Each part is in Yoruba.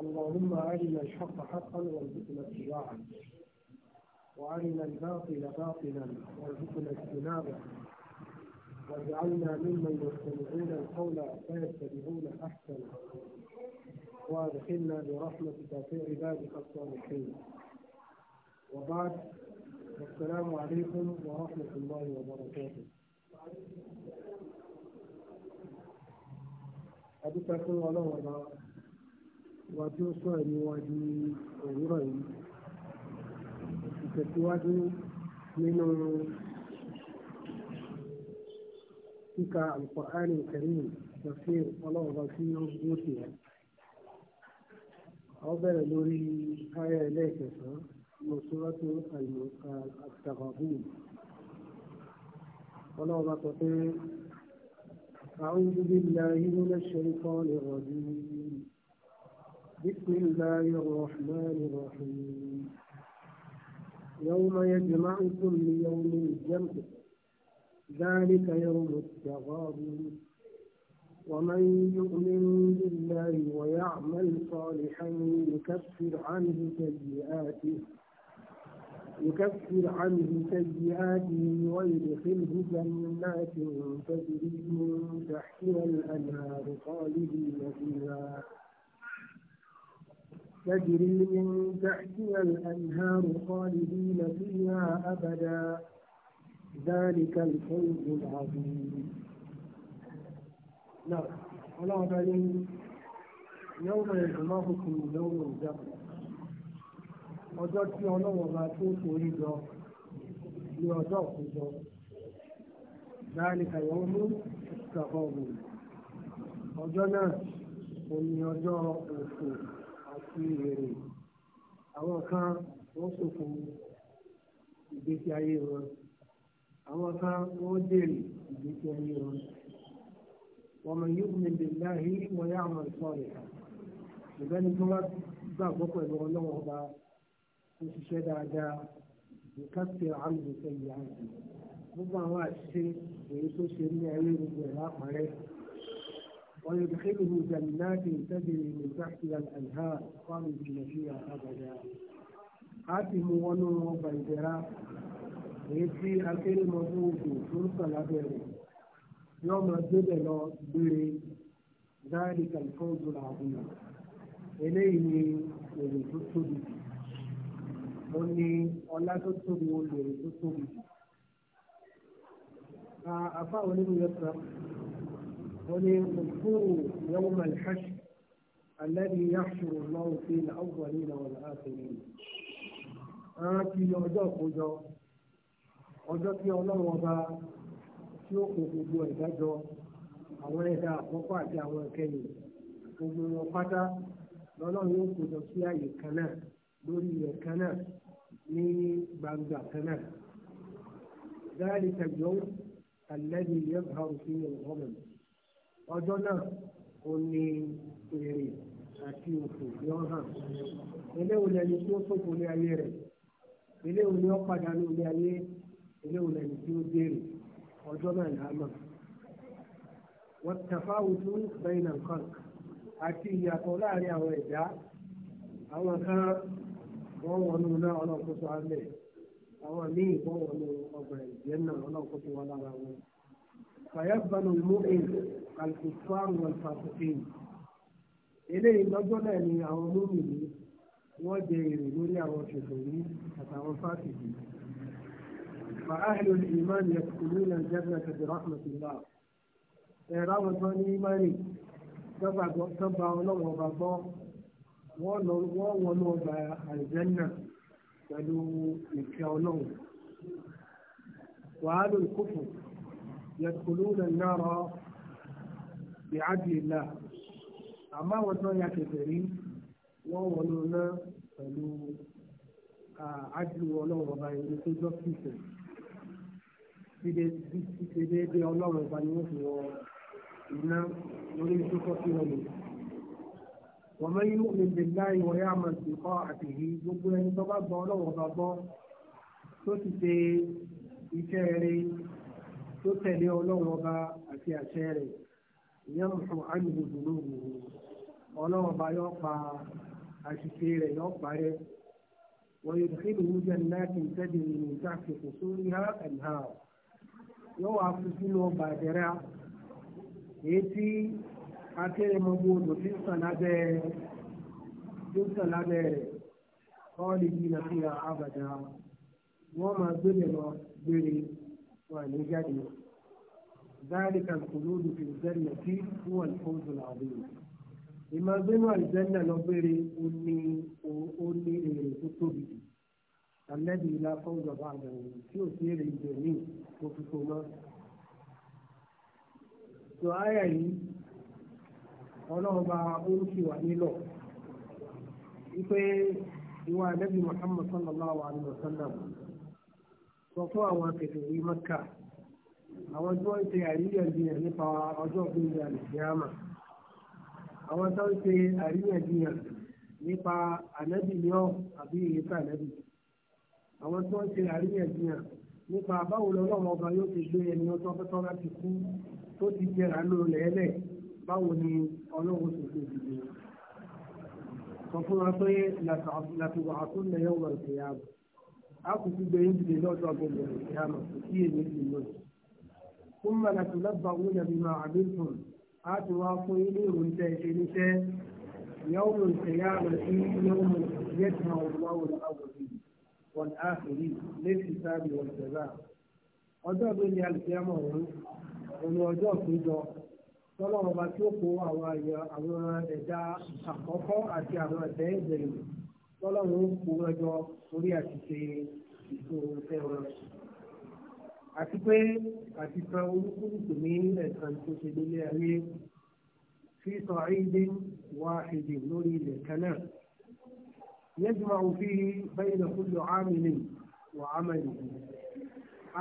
اللهم أرنا الحق حقا وارزقنا اتباعه وأرنا الباطل باطلا وارزقنا اجتنابه واجعلنا ممن يستمعون القول فيتبعون أحسنه وادخلنا برحمتك في عبادك الصالحين وبعد السلام عليكم ورحمة الله وبركاته أدوك أكون ولو wa tí ó sọ ẹ̀mí wa di òwúrọ̀ yìí ìtẹ̀síwájú nínú kíka alukọ̀ánì kẹrin lọ́sí ọlọ́ọ̀bá sí yóò tì ẹ́. àwọn bẹ̀rẹ̀ lórí káyà ẹlẹ́ẹ̀kẹsàn-án mọ̀síwájú àtàkàbùn ọlọ́ọ̀bá sọ pé أعوذ بالله من الشيطان الرجيم بسم الله الرحمن الرحيم يوم يجمعكم ليوم الجمع ذلك يوم التغاب ومن يؤمن بالله ويعمل صالحا يكفر عنه سيئاته يكفر عنه سيئاته ويدخله جنات تجري من تحتها الأنهار خالدين فيها تجري من تحتها الأنهار خالدين فيها أبدا ذلك الفوز العظيم نعم ولا بل يوم يجمعكم يوم الجمع ọjọ́ tí ọlọ́wọ́ bá tó forí jọ ní ọjọ́ òkújọ ذلك يوم التغابن ọjọ́ náà òní ọjọ́ òkú fi èrè àwọn kan wọ́n ṣòfò ìgbésí ayé wọn àwọn kan wọ́n jèrè ìgbésí ayé wọn. ومن يؤمن بالله ويعمل صالحا ìbẹ́ni tó bá gbàgbọ́ pẹ̀lú ọlọ́wọ́ ọba ó ṣiṣẹ́ dáadáa nǹkan ti àlùfẹ́ ìyá gbogbo àwọn àṣìṣe èyí tó ṣe ní ayé gbogbo ẹ̀ lápárẹ́. ويدخله جنات تجري من تحتها الانهار خالدين فيها ابدا اتموا ونور بيدرا ويبقي اكل مبروك فرصه لابيري يوم الجبل بري ذلك الفوز العظيم إليه èrè tó tóbi ó ní ọlá tó tóbi ó lè وليذكروا يوم الحشر الذي يحشر الله في الأولين والآخرين rántí ọjọ́ ìkójọ ọjọ́ tí ọlọ́run ọba tí ó kó gbogbo ìdájọ́ àwọn ẹ̀dá àkọ́kọ́ àti àwọn ìkẹyìn gbogbo wọn pátá lọ́lọ́run yóò kójọ sí àyè kan náà lórí ilẹ̀ kan náà ní gbangba kan náà. ذلك اليوم الذي يظهر فيه الغمم ọjọ́ náà ó ní èrè àti òfò yọ hàn eléwo lẹni tí ó sòfò ní ayé rẹ eléwo ni ó padà ní ilé ayé eléwo lẹni tí ó béèrè ọjọ́ náà là á mọ̀ wọ́n tàfà òtún bẹ́ẹ̀ nà nǹkan àti ìyàtọ̀ láàrin àwọn ẹ̀dá àwọn kan wọ́n wọnú náà ọlọ́kùnso alẹ́ àwọn míì wọ́n wọnú ọgbà ìjẹ́ náà ọlọ́kùnso wọn lára wọn. فيقبل المؤمن الكفار والفاسقين eléyìí lọ́jọ́ náà ni àwọn olómìnir wọ́n jẹ èrè lórí àwọn ṣètòrí àtàwọn fásitì fàáhìlò ìmáà yẹ kùnú nàìjíríà tẹ̀sí rahmatulah ẹ̀rọ àwọn tó ní ìmáàlì tọ́ba ọlọ́wọ́ ọba gbọ́ wọ́n wọnú ọgbà àìjẹ́nà pẹ̀lú ìkẹ́ ọlọ́wọ́ wàhálà ìkófò يدخلون النار بعدل الله أما وطن يكفرين وولونا فلو عدل ولو وغير تجسس Ìdèdè ọlọ́run ìbá ni wọ́n fi wọ iná lórí ìtúkọ́ sí wọn lò. Wọ́n mẹ́yìn ní ìlú láì wọ́n yá máa ti kọ́ àtìrí gbogbo ẹni tó bá gbọ́ ọlọ́run ọba gbọ́ tó ti ṣe iṣẹ́ rere tó tẹ̀lé ọlọ́run ọba àti àṣẹ rẹ̀ yẹn fún àyùbò dùnú ọlọ́run ọba yóò pa àṣìṣe rẹ̀ yóò parẹ́ wọ́n yóò fi lùú jẹ́nìláàtì tẹ́jú nínú ìtàkùn sórí ha ẹ̀ha yóò wá fi sínú ọba àdẹ́rà èyí akérèmọ́gbó odò tí ń sàn lábẹ́ tí ń sàn lábẹ́ rẹ̀ kọ́ọ̀lì yìí nàfíà àbàdà wọ́n máa gbélé lọ gbére. وأن يجادل ذلك الخلود في الجنة هو الفوز العظيم ìmọ̀ gbẹ́nu àìjẹ́nà lọ́gbẹ́rẹ́ oní èrè tó tóbi jù alẹ́bí ilá fọ́njọba àdàwọ̀ tí ò sí èrè ìjọ ní òfìfò mọ́. tó àyà yìí ọlọ́run bá orúkì wà nílọ wípé ìwà alẹ́bí muhammad sallallahu alayhi wa sallam sọ fún àwọn akẹ́kẹ̀ẹ́ mẹ́ka àwọn tí wọ́n ń ṣe àríyànjiyàn nípa ọjọ́ ìgbìmọ̀ àlùfíàmà àwọn tó ń ṣe àríyànjiyàn nípa ànábì ní ọ àbí ìyíká ànábì àwọn tí wọ́n ń ṣe àríyànjiyàn nípa báwo lọ́lọ́wọ́ ọba yóò ti gbé ẹni ọjọ́ pẹ́tọ́ láti kú tó ti jẹrà lólẹ̀ ẹlẹ̀ báwo ni ọlọ́wọ́ ti gbé ìdìbò sọ fún wa pé làtúwà àtúnlẹ̀ yóò wà ìpè yàgò akùkù gbẹ̀yìn ti lè lọ́dọ̀ agbègbè ìyàmà kí èmi ti lọ. fún mọ̀lẹ́tì lọ́gbà òun yàbí máa àdéhùn á ti wá fún ilé ìròyìn tẹ ṣe níṣẹ́ yàwó mi ìṣẹ̀yà rẹ̀ sí yàwó mi ìṣẹ̀yà tí wọn wà wọlé àwòrán wọn àfẹ́rí lẹ́sìn sáàbì wọn ṣẹ̀dá. ọjọ́ ìgbéni alìsíyàmọ̀ òun òun ọjọ́ ìpéjọ tọ́lọ́mọba tí kó àwọn ẹ̀dá àkọ́kọ́ àti àwọn ẹ̀dá ìgbẹ̀yìn tọ́lọ́run ń kó ẹjọ́ orí àṣìṣe ìṣó ìfẹ́ wọn. àti pé àti san olúkúlùkù ní ẹ̀sán tó ṣe délé ayé fi sọ àìdín wá èdè lórí ilẹ̀ kan náà. يجمع فيه بين كل عامل وعمله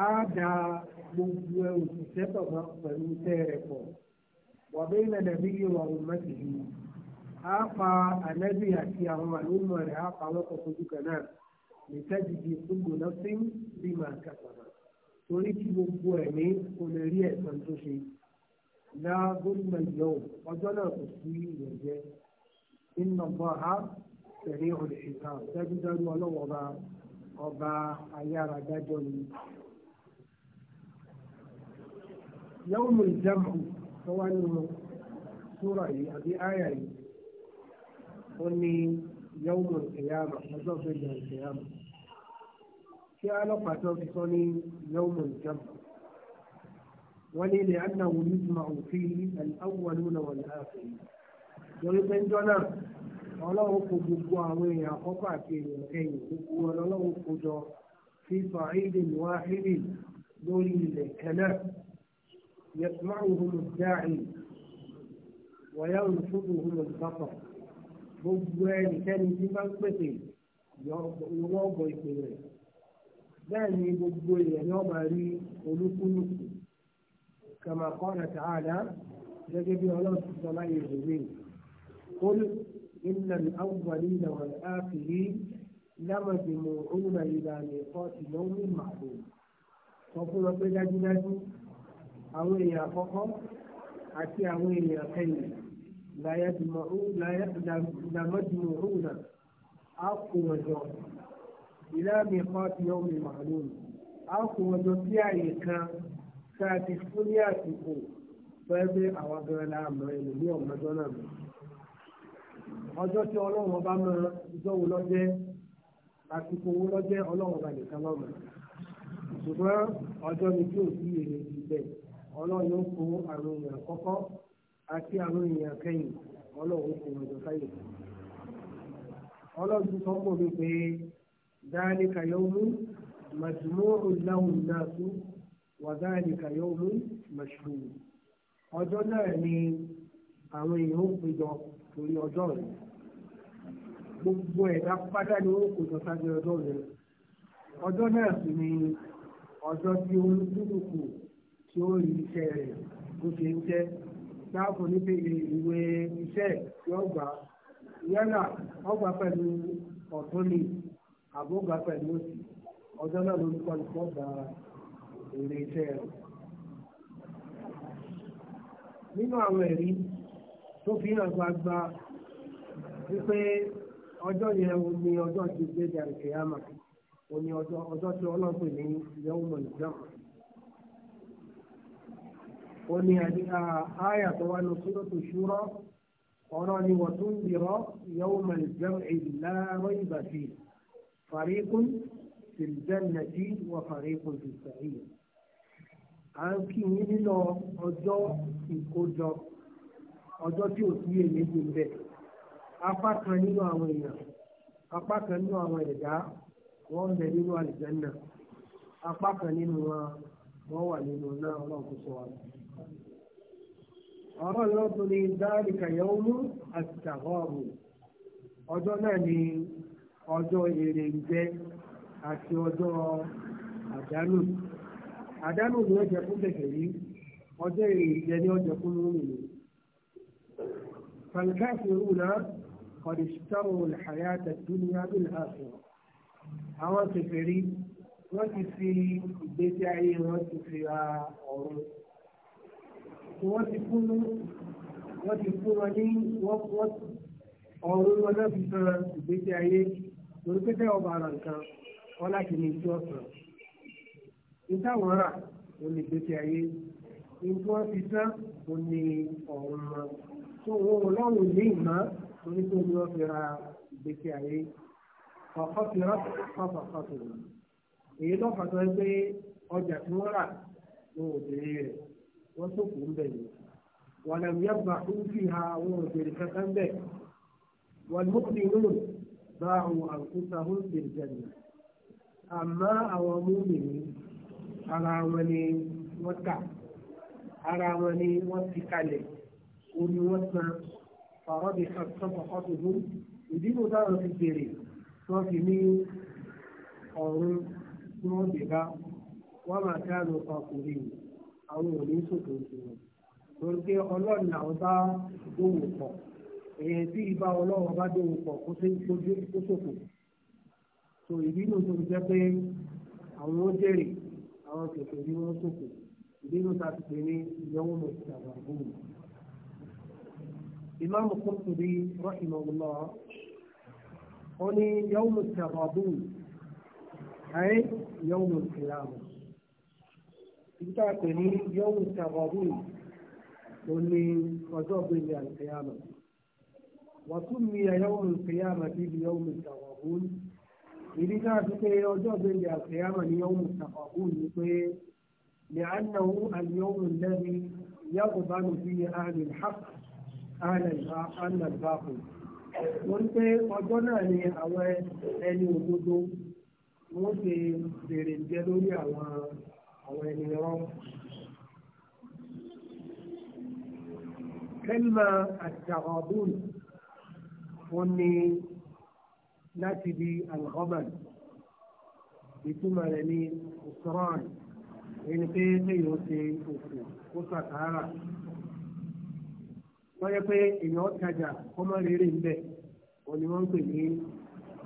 àádá gbogbo òṣìṣẹ́ tọ̀gbọ́n pẹ̀lú tẹ́ẹ̀rẹ̀ pọ̀ wà bẹ́ẹ̀ nàdàbí yìí wà ó mẹ́tìlì á pa ànábì àti àwọn àlùmọ̀ rẹ̀ á pa wọ́n kọ̀ọ̀kan jù kan náà nìkejì di gbogbo náà fi ń bí màá kàtàkà torí kí gbogbo ẹ̀mí kò lè rí ẹ̀sán tó ṣe láàbùrùmọ̀ ìyọ̀ ọjọ́ náà kò sí ìyẹ̀jẹ́ iná bọ́ ha tẹ̀lé ọ̀lẹ̀ dájúdájú ọlọ́wọ́ ọba ọba ayára dájọ́ ni. yàwùmù ìjàmbù tó wá nínú súra yìí àbí áyà yìí ó ní yọ́ọ̀mù ìkẹyàmù ọjọ́ kejì ìkẹyàmù tí ọlọ́pàá tó fi sọ ní yọ́ọ̀mù ìjọba wọ́n ní ilẹ̀ anáwó yíjùmọ̀ òfin aláwọ̀lú náà wọ̀n láàfin lórí pé ń jọ náà ọlọ́run kò gbogbo àwọn èèyàn àkọ́kọ́ àti èèyàn kẹyìn gbogbo wọn kò jọ fi fàáìdì wáhídì lórí ilẹ̀ kẹlẹ́ yẹtùmáwòhùn dáì wọ́yá olùfúdùhùn olùbáfọ̀ gbogbo ẹnikẹ́ni tí bá ń pèsè wọ́n bọ ìpè rẹ̀ bẹ́ẹ̀ ni gbogbo èèyàn náà máa rí olúkúlùkù kàmá kọ́ra tààdá gẹ́gẹ́ bí ọlọ́run ti sọ láyé ìròyìn yìí. قل إن الأولين والآخرين لمجموعون إلى ميقات يوم معلوم sọ fún wọn pé dájúdájú àwọn èèyàn àkọ́kọ́ àti àwọn èèyàn kẹ́yìn làmọ́dúnrún á kó wọn jọ ìlànà ẹ̀kọ́ ti yọ omi màálùú á kó wọn jọ sí àyè kan tá a ti fún ní àsìkò fẹ́ẹ́ bí àwọn gan-an la mọ̀ ẹ̀lò ní ọ̀mọ́jọ́ náà mọ̀ ọjọ́ tí ọlọ́run ọba mọ ìjọ wo lọ́jẹ́ àsìkò wo lọ́jẹ́ ọlọ́run ọba nìkan lọ́mọ ṣùgbọ́n ọjọ́ ni tí ò àti àwọn èèyàn kẹyìn ọlọ́run kò wọ́n jọ sáyè. ọlọ́run sọ pọ̀ mi pé dáníkà yóò mú màjúmọ́rù láwùn náà tú wà dáníkà yóò mú màṣúrù. ọjọ́ náà ni àwọn èèyàn ó péjọ torí ọjọ́ rẹ̀. gbogbo ẹ̀dá pátá ni ó kò jọ sábẹ́ ọjọ́ rẹ̀. ọjọ́ náà sì ni ọjọ́ tí ó tí ó rí iṣẹ́ rẹ̀ bó ṣe ń jẹ́. dáàbò níbi ìwé iṣẹ́ yóò gbà yálà ọgbà pẹ̀lú ọ̀tún ni àbógbà pẹ̀lú òsì ọjọ́ náà ló ń kọ́ ìfọ́ gba èrè iṣẹ́ rẹ̀. nínú àwọn ẹ̀rí tó fi hàn gbagba wípé ọjọ́ yẹn o ní ọjọ́ ti gbé o ní ọjọ́ tí ọlọ́pẹ̀ ní yẹ́wùmọ̀ ó ní àyà tó wà ní sóròtò ṣúrọ ọ̀rọ̀ ni wọ́n tún bìrọ̀ yóò mọ̀ ìjẹun ìlàrọ̀ ìgbà sí fàríkùn tìlìjẹ́nẹ̀tì wà fàríkùn tìsàyè. à ń kí yín nínú ọjọ́ ìkójọ ọjọ́ tí ò sí èméjì ń bẹ̀. apá kan nínú àwọn èèyàn apá kan nínú àwọn ẹ̀dá wọ́n ń bẹ nínú àlìjẹ́nà apá kan nínú wọn wọ́n wà nínú náà ọlọ́run kò sọ wa ọ̀rọ̀ lọ́dún ní dáríkà yọ̀ọ́mú àti tàwọ́ọ̀mù ọjọ́ náà ni ọjọ́ èrè ń jẹ́ àti ọjọ́ àdánù àdánù ni ó jẹ fún yìí ọjọ́ èrè ń jẹ ní ọjọ́ fún mímì فالكافرون قد اشتروا الحياة الدنيا بالآخرة àwọn kẹfẹ́rí wọ́n ti fi ìgbésí ayé wọn ti fi ra ọ̀run tí wọ́n ti fún wọ́n ti fún wọn ní wọ́n ọ̀run wọn náà fi san ìgbésí ayé lórí pépé ọba ara nǹkan wọn láti ní ìjọ sàn. ìtàwọn rà ó ní ìgbésí ayé ìtú wọn fi san ó ní ọ̀run wọn. tó wọn ò lọ́rùn ní ìmọ̀ torí pé wọn fi ra ìgbésí ayé kọ̀ọ̀kan fi rà kọ̀ọ̀kan tó wọn. èyí lọ́fàá tó ń ọjà tí wọ́n rà lóhùn òbí rẹ̀ wọ́n sòkò ń bẹ̀ yìí wọn lè yẹ bá ń fi ha àwọn òbèrè kankan bẹ̀ wọn mú mi nù bá àwọn àkúta ó ń bèrè jẹ nù àmọ́ àwọn múmìnì ara wọn ni wọ́n tà ara wọn ni wọ́n ti kalẹ̀ orí wọn san fàrọ́ bí sọ́kọ̀ ọ̀tún fún ìdíbò táwọn ti bèrè tí wọ́n fi ní ọ̀run tí wọ́n dè bá wọ́n máa ká lọ ọkùnrin yìí àwọn ò ní sòtò ìṣòro torí pé ọlọ́run làwọn bá dòwò pọ̀ èèyàn tí ìbá ọlọ́run bá dòwò pọ̀ kó sí ojú kó sòfò tó ìbínú tó ń jẹ́ pé àwọn ó jèrè àwọn kẹfẹ́ ní wọ́n sòfò ìbínú ta ti pè ní ìyẹ́wò mọ̀ ìtàgbà gbòòrò. إمام القرطبي رحمه الله قال يوم التغابون أي يوم القيامة ibi tá a pè ní yọ́wù tàbọ̀rù ló ní ọjọ́ gbẹ̀yìn àlùkìyàmà wọ́n tún mi yọ́wù àlùkìyàmà bí ibi yọ́wù tàbọ̀rù ìdí tá a fi pé ọjọ́ gbẹ̀yìn àlùkìyàmà ní yọ́wù tàbọ̀rù ni pé ní ànáwó àlùyọ́wù lẹ́bi yàgò bá mi fi àmì hàpù àmì wọ́n pé ọjọ́ náà ni àwọn ẹni òdodo wọ́n ṣe bèrè jẹ lórí àwọn àwọn ẹni wọn. kẹ́lìmà àtàkọ̀bùn wọn ni láti di alhọ́bàn ìtumọ̀ rẹ̀ ní ọ̀sọ́rọ̀n ẹni pé kéèyàn ṣe òkú kó sàkárà wọ́n yẹ pé èèyàn tajà kọ́mọ́ rere ń bẹ̀ wọ́n ni wọ́n ń pè ní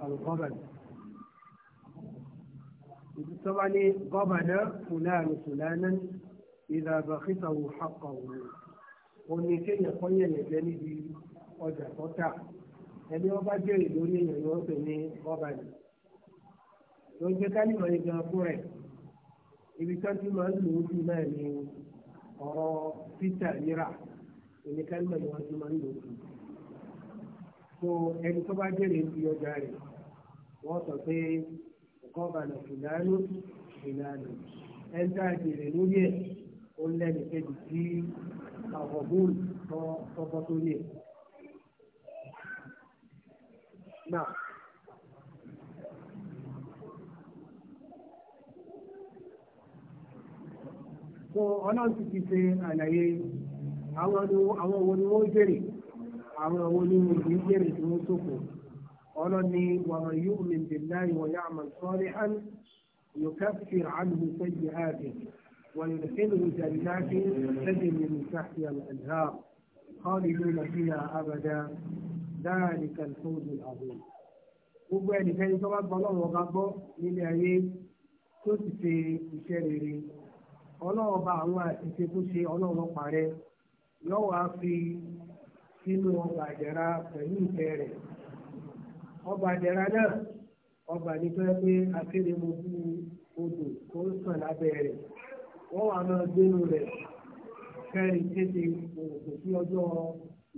alhọ́bàn tó bá ní gọ́bàdà fúlàní fúlàní ìdàbàkítàwò hàkàwò ó ní kéèyàn kọ́yẹ̀ lẹ́gbẹ́ níbi ọjà tọ́ta ẹni wọn bá jẹ́rìí lórí èèyàn ni wọ́n pè ní gọ́bàdà ló ń gbé kálíwọ̀n yìí gan fún rẹ̀ ibi tí wọ́n ti máa ń lò ó sí náà ni ọ̀rọ̀ títà rírà ìní kálíwọ̀n yìí wọ́n ti máa ń lò ó sí. so ẹni tó bá jẹ́rìí ń fi ọjà rẹ̀ wọ́n sọ pé kọ́bàlà fìlànà fìlànà ẹni tá a jèrè lórí ẹ̀ ó lẹ́nu kejì sí àkọ́bùn tọ́kọ́ tó yẹ. Now. so ọlọ́run ti ti ṣe àlàyé àwọn wo ni wọ́n jèrè àwọn wo ni wọ́n jèrè tí wọ́n sọ̀kò ọlọ́ni wàmà yóò mi bìlá ìwọ̀n yá àmà sọ́ọ́rí hàn yóò káfíìr àlùmí sẹ́yìn ààbẹ̀ wọ́n yóò dẹ́nu ìjàmínàkì sẹ́yìn mi ní sáfì àlàdà kọ́ọ̀lì ló lọ sí àbàdà dáàlì kàlfóòdù àbẹ̀. gbogbo ẹnikẹ́ni tó bá gbọ́ lọ́wọ́ bá gbọ́ nílé ayé tó sì ṣe iṣẹ́ rere ọlọ́wọ́ bá àwọn àṣìṣe tó ṣe ọlọ́wọ́ parẹ́ yọ̀wọ́ á fi sínú ọgbà àjẹrà pẹ̀lú ìfẹ́ rẹ̀ ọba àdẹ̀rà náà ọba nítorí pé akéde mo bú odò tó ń sàn lábẹ́ rẹ̀ wọ́n wà máa gbénu rẹ̀ kẹrin tètè òògùn sí ọjọ́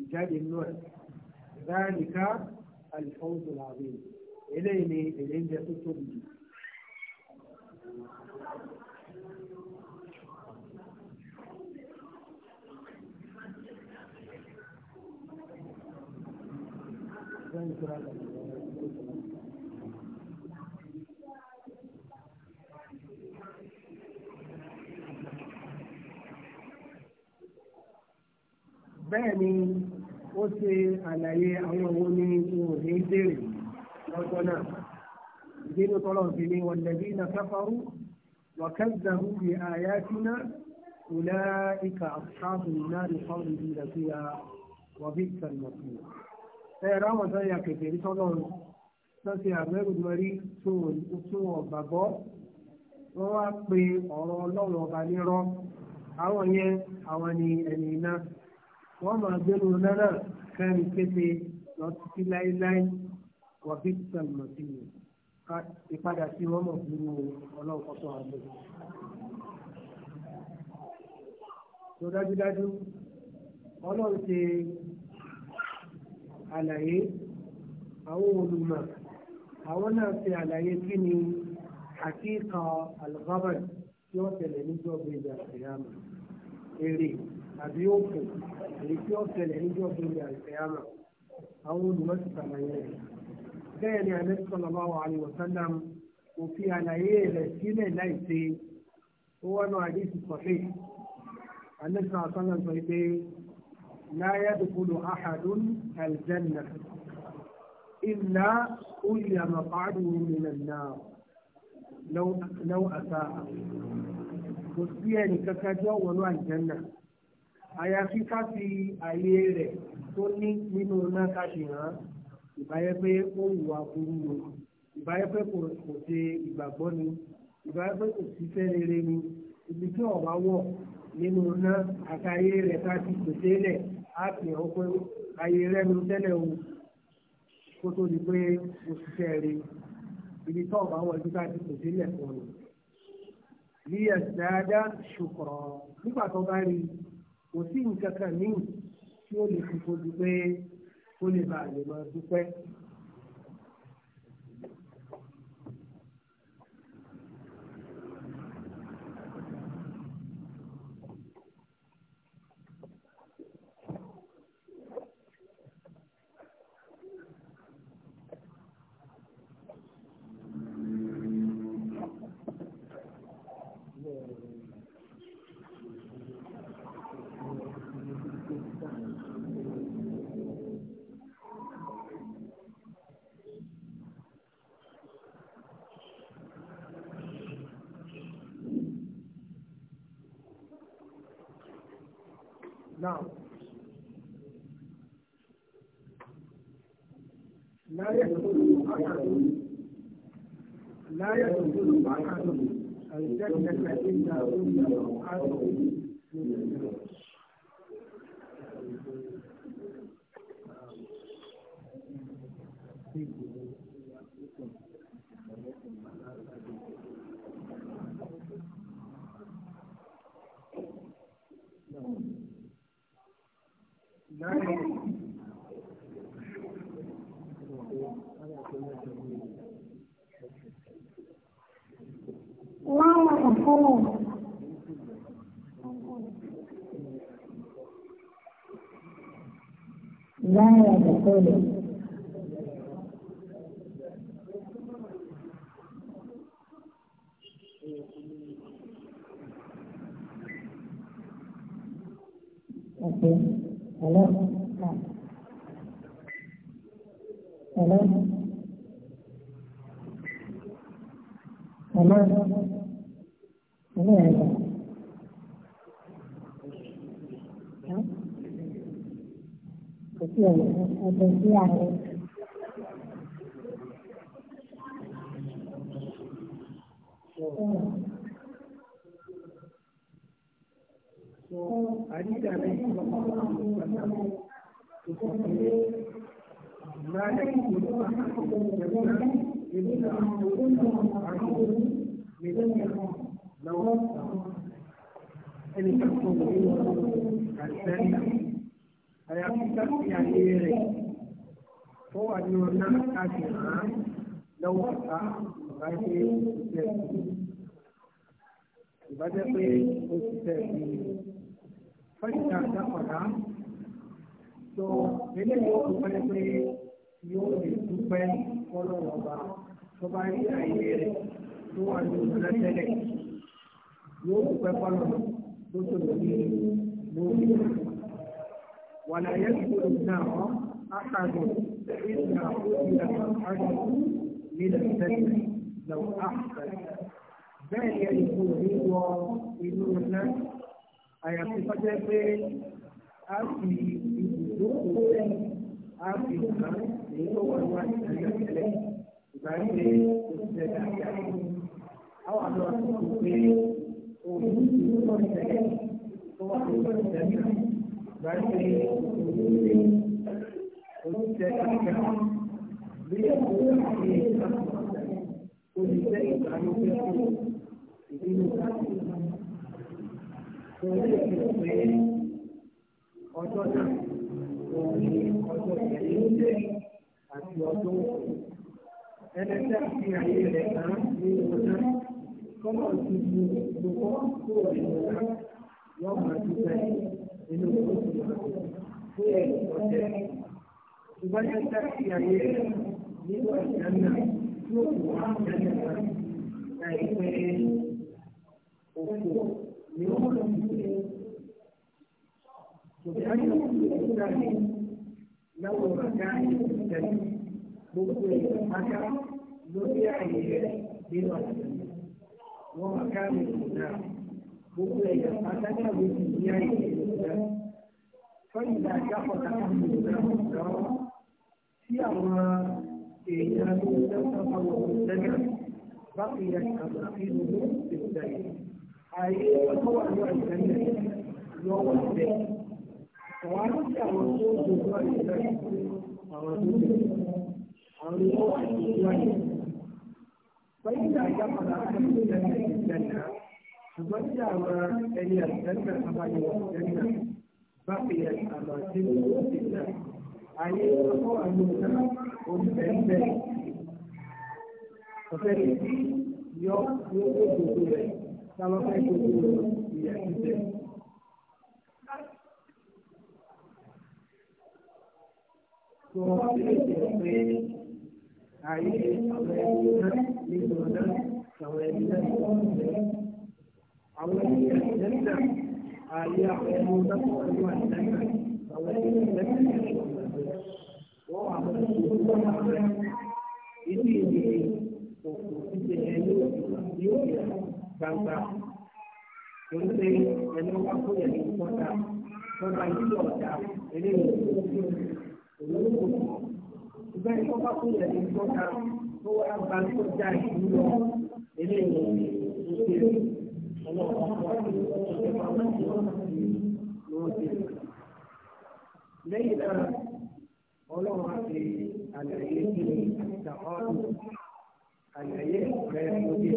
ìjáde náà dáríká àlìfọ́wọ́sọ làwọn eléyìí ni èlé ń jẹ tó tóbi jù. Thank you. bẹ́ẹ̀ ni ó ṣe àlàyé àwọn owó ní ohun ní dèrè lọ́jọ́ náà ìdínú tọ́lọ̀ sí ni wọ́n lẹ́bí na káfárú wàkẹ́zàmù bí àyà tínà ìlà ìka àṣàbù náà ní fáwọn ìdí ìdàkúyà wàbí ìtàlùmọ̀tì. ẹ ráwọn sáyà kẹfẹ́rí tọ́lọ̀ sọ́sẹ̀ àbẹ́rù mọ́rí tún ọ̀gbàgbọ́ wọ́n wá pe ọ̀rọ̀ ọlọ́run ọba nírọ́ àwọn yẹn àwọn ni ẹni náà wọ́n máa gbẹ́nu náírà kẹrin kété lọ títí láéláé wọ́n bí sàlùmọ̀ sí i ìpadà sí wọ́n mọ̀ fún ọlọ́run kọ́tọ́ àgbẹ̀. tó dájúdájú ọlọ́run ṣe àlàyé àwọn olùmọ̀ àwọn náà ṣe àlàyé kí ni àkíkà alùpàbà tí wọ́n tẹ̀lé níjọ́ gbèjà ìyá mi àbí òkú èyí tí ó tẹ̀lé ní ọdún ní àìsèyàmà àwọn olùmọ̀sí sàlàyé rẹ̀. bẹ́ẹ̀ ni alẹ́ sọ̀rọ̀ bá wà ní wọ̀sánlám kò fi àlàyé rẹ̀ sílẹ̀ láìsí ó wọ́n náà àdé ti sọ̀fẹ́. alẹ́ sọ̀rọ̀ sọ̀rọ̀ sọ pé láyé dùkúlù àhàdùn àlìjẹ́nà ìlà òyìnbó àmàpáàdùn nìyẹn náà lọ́wọ́ àtàkùn. kò sí ẹnì kankan jọ́ wọnú àlìjẹ́nà. àyàfi ká fi àyè rẹ̀ tó ní nínú iná ká ṣe hàn ìbáyẹ pé ó hùwà burú o ìbáyẹ pé kò ṣe ìgbàgbọ́ ni ìbáyẹ pé kò ṣiṣẹ́ rere ni ibi tí ọ̀wá wọ̀ nínú iná àtàyè rẹ̀ ká ti pèsè lẹ̀ á fi hàn pé àyè rẹ̀ nu tẹ́lẹ̀ o kó tó di pé o ṣiṣẹ́ rẹ̀ ibi tí ọ̀wá wọ̀ ibi ká ti pèsè lẹ̀ fún ọ. bí ẹ̀sìn dáadáa ṣùkọ̀ nígbà tó bá rí kò sí nǹkan kan míì tí ó lè fi fojú pé ó lè bàa lè máa dúpẹ́. وعن عدم الجنة إلا أولى وعدم ألا ألا ألا ألا هذا كثير أتنسي عن ẹni tó kọ wọ ní àìsẹ́ńtà àyàfi sáfì àyè rẹ̀ tó wà ní ọ̀nà àti hàn lọ́wọ́ ta ìbáṣe ìṣẹ́ ìbáṣẹ́ pé ó ti tẹ̀ sí i fẹ́ẹ̀ta dápadà tó eléyìí ó kọ́ pé yóò lè dúpẹ́ ọlọ́run ọba tó bá rí àyè rẹ̀ tó wà ní òṣèlú tẹ́lẹ̀ yóò dúpẹ́ fọlọ́run tó tó lò ní lórí wàlàyé ìgbòho náà ọ́ àkàdùn ìgbà ó ti rà àkàdùn nílẹ̀ tẹ́lẹ̀ lọ́wọ́ àkàdùn bẹ́ẹ̀ ni ẹnìkú ní wọ inú iná àyàfi kọjá pé a fi ibùdókòó a fi hàn án èyí tó àti ọdún òkú ẹni tẹ́ fi àyè rẹ̀ kàn ní ọjà kọ́nà ti ju gbogbo kó nínú ọjà yọ máa ti bẹ̀ nínú gbogbo kó ẹ̀ ọ̀jẹ̀ ṣùgbọ́n ẹni tẹ́ fi àyè rẹ̀ nínú ọjà náà yóò wọ ọjà náà láìpẹ́ òkú ni ó lọ sí ṣùgbọ́n ẹni tẹ́ fi àyè rẹ̀ láwọn ọ̀gá ìṣẹ̀lẹ̀ gbogbo èèyàn pátá lórí àyè rẹ̀ nínú àtẹ̀lẹ́. Wọ́n máa ká mi kù náà. Gbogbo èèyàn pátá náà ló ní àyè rẹ̀ náà. Fọ́yìnlá àjápọ̀tà kan kò náà lọ́wọ́. Tí àwọn èèyàn ló ń tẹ́tọ́ àwọn òṣìṣẹ́ bá fi yẹ àbàkí lóṣù tẹ̀lé. Àyè ọkọ̀ wà ní àjẹ́lẹ̀ lọ́wọ́ bẹ́ẹ̀ wà á sí àwọn tó ń dojú àyè lẹ́yìn àwọn tó ń dojú àwọn tó wà ní ojú àyè. Bẹ́ẹ̀ni ní àyà padà sẹ́yìn lẹ́yìn ìjẹ̀nà ṣùgbọ́n tí àwọn ẹni àtẹ́sẹ̀ abáyọ̀ ìjẹ̀nà bá fi kó lè jẹ́ pé ayé ọ̀rẹ́ ẹni náà nígbà náà ọ̀rẹ́ ẹni náà ọ̀rẹ́ àwọn ènìyàn ìjẹ́ta ayé àwọn ẹni náà wọ́n wà ìjẹ́ta àwọn ènìyàn ìjẹ́ta wọ́n wà lọ́wọ́ ìjọba ààrẹ ilé ìwé òkú títí ẹni yóò yẹ gbangba torí pé ẹni wọn kó yẹ ní kọta kọta yìí lọ ọ̀dà eléyìí. ìgbà yìí wọ́n bá kú yẹn ní tọ́ka tó wá bá tó já ìlú lọ ilé ìwé ìṣe lẹ́yìn náà ọlọ́run àti àlàyé ti ṣàkóso àlàyé rẹ̀ lóde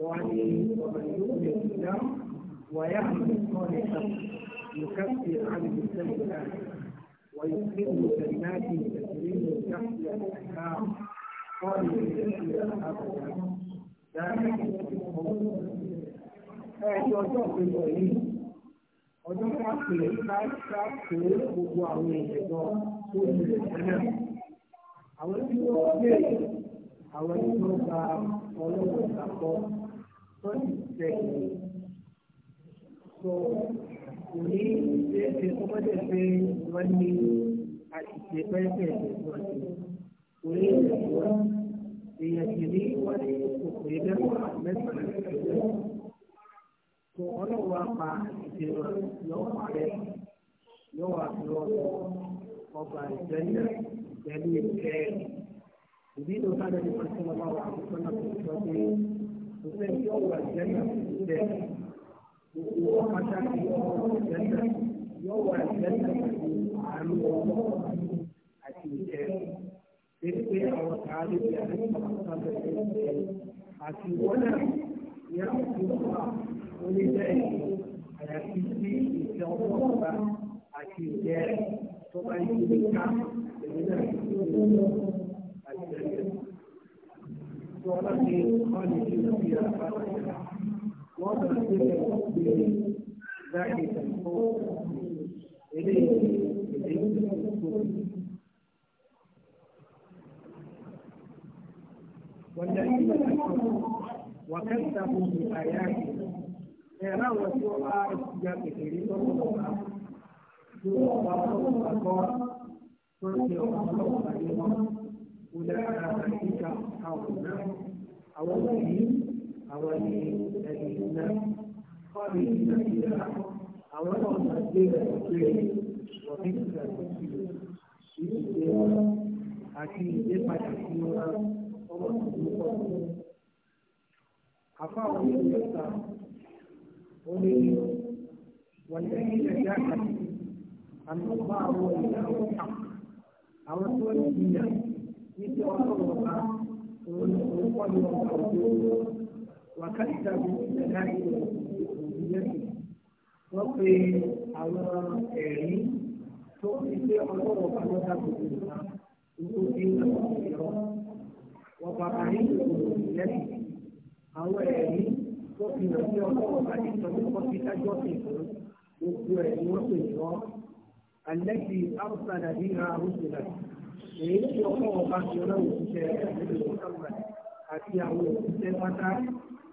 wọ́n ní ọ̀rọ̀ yóò lè dá wàyà àmì kọ́ni kan nìkan ti àmì ìṣẹ́yìn náà. ويسلم كلمات تسليم تحت الأحكام قالوا أبدا ذلك ọjọ́ ìpínlẹ̀ káàkiri káàkiri gbogbo àwọn èèyàn lọ tó ní ìpínlẹ̀ àwọn tí wọ́n gbé àwọn tí wọ́n gba ọlọ́wọ́ ìgbàgbọ́ tó ti tẹ̀lé sọ kò ní ṣeéṣe kó má dẹ̀ pé wọ́n ní àṣìṣe pẹ́ẹ́pẹ́ ìṣẹ̀fún àti kò ní ìṣẹ̀fún wa èèyàn sì ní wọ́n ní kòkò ìdẹ́kùn mẹ́sàn-án ìṣẹ̀fún tó ọlọ́wọ́ apá ìṣẹ̀fún lọ́wọ́ rẹ̀ lọ́wọ́ àbúrò ọba ìjẹ́lẹ̀ pẹ̀lú ìkẹ́ ìdí ló sáré nípa tí wọ́n bá wà fún sọ́nà tó sọ pé kò sẹ́ni yóò wà ìjẹ́lẹ̀ yóò pàtàkì ìjẹ́sẹ̀ yóò wà ìjẹ́sẹ̀ àmì ọ̀pọ̀ àti ìjẹ́ èyí pé àwọn sàárè bí a ní pàtàkì àti ìjẹ́ àti ìwọ́nà ní àti ìwọ́nà oníjẹ́ àyàfi sí ìjẹ́ والذين كفروا وكذبوا بآياتنا ẹ̀rọ tí wọ́n bá ya kékeré tó ń bọ̀ wá tó ń bọ̀ wá tó ń bọ̀ àwọn náà àwọn أولي الذين خالدين فيها أولي الذين فيه وبئس المصير àti ìdípadà sí wa ọmọ tuntun pọ̀. Àfáwọn ènìyàn ta ó ní wọ́n ní ilẹ̀ yára àmọ́ bá àwọn ìyàwó kà. Àwọn tó ń jìyà níbi ọlọ́run ọba òun ló pọ̀ ní ọgbà òjò wákàtí láì ìdílẹ́sì wọ́n pe àwọn ẹ̀rí tó fi pé ọlọ́rọ̀ pàtàkì gbogbo ìgbà gbogbo tí ń lọ ìrọ̀ wọ́n bàbá ní ìgbòho ìdílẹ́sì àwọn ẹ̀rí tó fi hàn sí ọlọ́rọ̀ pàtàkì tọ́jú kọ́sítà jọ́sìn fún gbogbo ẹ̀ ni wọ́n pè ní wọ́n alẹ́sì áwùsàdà ní ra àwùsùlà èyí tí ọlọ́rọ̀ bá fi ọlọ́rọ̀ òṣìṣẹ́ àti àwọn òṣìṣẹ́ pátá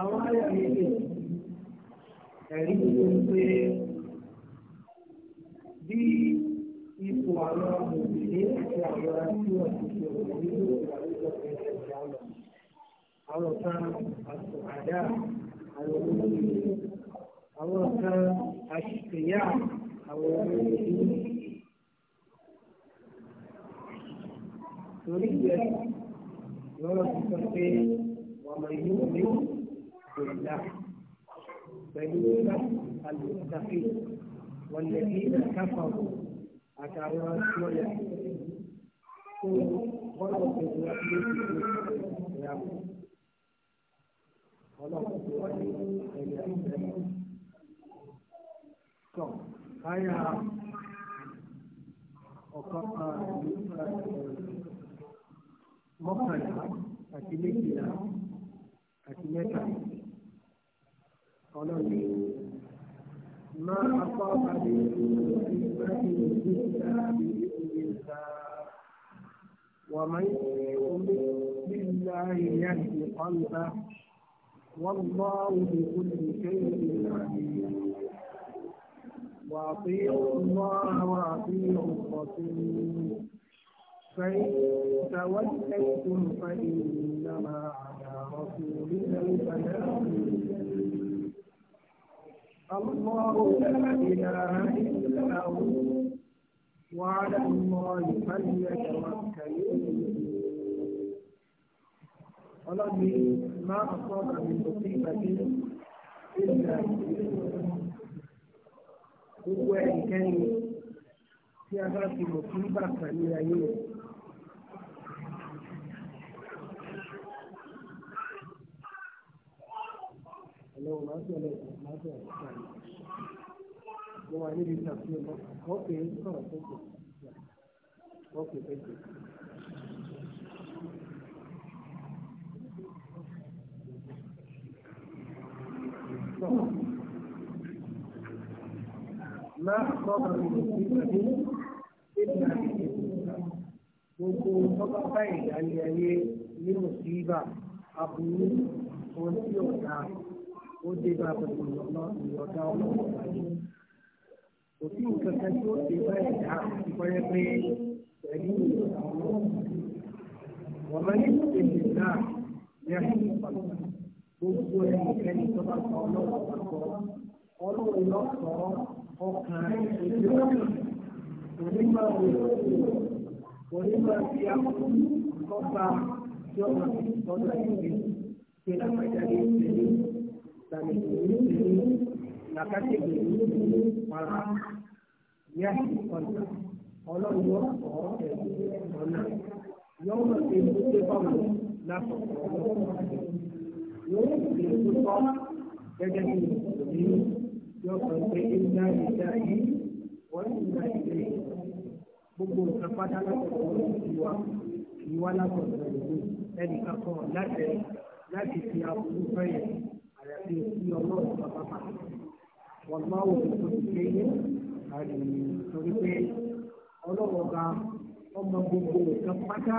àwọn àyà méjì ẹ̀rí tó ń pé bí ipò àwọn òṣèré àti àwọn àdúgbò àti òṣèré ló wà lọ́jọ́ kẹsẹ̀ ìdáná àwọn kan àtúnádá àwọn olóṣèlú àwọn kan àṣìṣeyá àwọn olóṣèlú. torí bẹ́ẹ̀ lọ́rọ̀ ti sọ pé wàmọ̀ ìlú mi. لله فإننا المتقين والذين كفروا àtàwọn lọ́yà tó bọ́lá òkèèrè lórí ìgbà ọlọ́pàá wà ní ẹ̀yà ìgbà tó káyà ọ̀kan mọ́kànlá àti méjìlá àti mẹ́ta ọlọ́ọ̀ni máa apá ọ̀pàdé láti ìlú láti ìlú ìta wà máa ń omi nílá ìyá ìlú ọ̀nà wọ́n bá òde olùdíje ìlú láti وأطيعوا الله وأطيعوا الرسول فإن توليتم فإنما على رسولنا البلاغ الله لا إله إلا هو وعلى الله فليتوكل ولم ما أصاب من مصيبة إلا gbogbo ẹnikẹ́ni tí a bá fi mùsùlùmí kan ní ayé rẹ̀. Hello, Marcia, Marcia, Marcia mo wà níbi ìtàkùn ọmọ ọkẹ sọ̀rọ̀ tó kù ọkẹ tẹjẹ. ما أصاب من مصيبة إلا gbogbo tọ́ba báyìí dání ayé ní mùsíbà aburú ohun tí ọ̀dà ó dé bá gbogbo ìyọ̀dá ọlọ́run ọ̀dà yìí kò sí nǹkan kan tí dá ìpẹ́rẹ́ pé pẹ̀lú wọ́n máa ní ìpèsè náà ní àyíká gbogbo ẹnikẹ́ni tó bá sọ ọlọ́run bá sọ ọlọ́run lọ sọ ọkàn ìṣèlú onímọ̀ onímọ̀ tí a kú lọ́ba tí ọ̀nà ìtọ́jú ẹ̀yìn pé lápájáde ìṣèlú tàbí ìṣèlú làkàtìkì pàrà yẹ ọ̀nà ọlọ́wọ́ ọ̀ọ́kẹ́ ọ̀nà yóò mọ̀ sí ìdúpẹ́ bọ́ọ̀lù lásọ̀kọ̀ yóò sì fi ìdúpọ́ gẹ́gẹ́ bí òbí yóò sọ pé ìdá ìdá yìí wọ́n ti gba ìdílé gbogbo nǹkan pátá lásọ̀kọ̀ ìwà ìwà lásọ̀kọ̀ ẹnìkan kan láti láti fi àbúrò fẹ́yẹ̀ àyàfi sí ọlọ́run bàbá wọn máa wò ó tó ti lé àdìyí torí pé ọlọ́wọ́ ga ọmọ gbogbo nǹkan pátá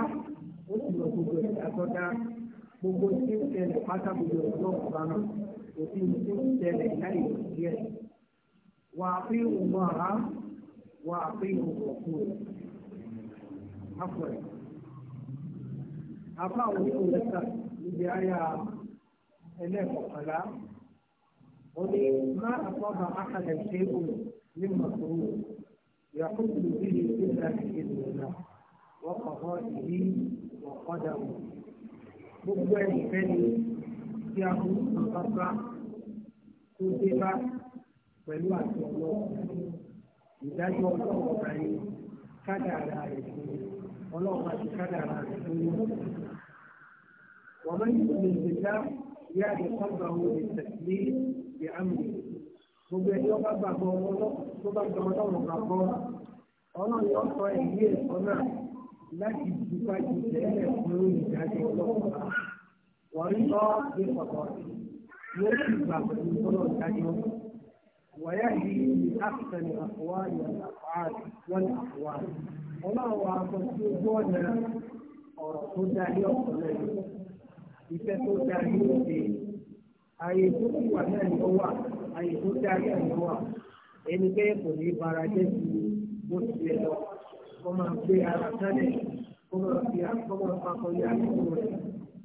ó sì lọ gbogbo ẹ̀dá tọ́já gbogbo tí ń tẹ̀lẹ̀ pátá gbogbo ẹ̀dá ọ̀gá náà kò sí tí ń tẹ̀lẹ̀ láì díẹ̀. wà á fi òun àrá wà á fi òun ọ̀kú rẹ̀ afọ rẹ̀. afọ àwọn onímọ̀ lẹ́tà níbi ayá ẹlẹ́kọ̀ọ́kọ̀lá قل ما أصاب أحدا شيء من مكروه يحل به إلا بإذن الله وقضائه وقدره gbogbo ẹnikẹ́ni tí a kú pápá tó dé bá pẹ̀lú àti ọlọ́run ìdájọ́ ọlọ́run ọ̀gá yìí kádàrá rẹ̀ fún ọlọ́run àti kádàrá rẹ̀ fún yìí. wọ́n máa ń yí ìgbésẹ̀ yá àdékọ́gbà òun ìtẹ̀sílẹ̀ bí àmì gbogbo ẹni ọba gbàgbọ́ tó bá gbàgbọ́ táwọn gbàgbọ́ yóò sọ náà láti ju fún bí yóò sì gbà ní àfọwá wọn àfọwá sọ sí ojú ààyè tó sì wà náà ni ó wà ààyè tó dá náà ni ó wà ẹni pé kò ní bara jẹ́ sí bó ti yẹ lọ kó máa gbé ara sálẹ̀ kó máa fi kó máa fakọ ní àdúgbò rẹ̀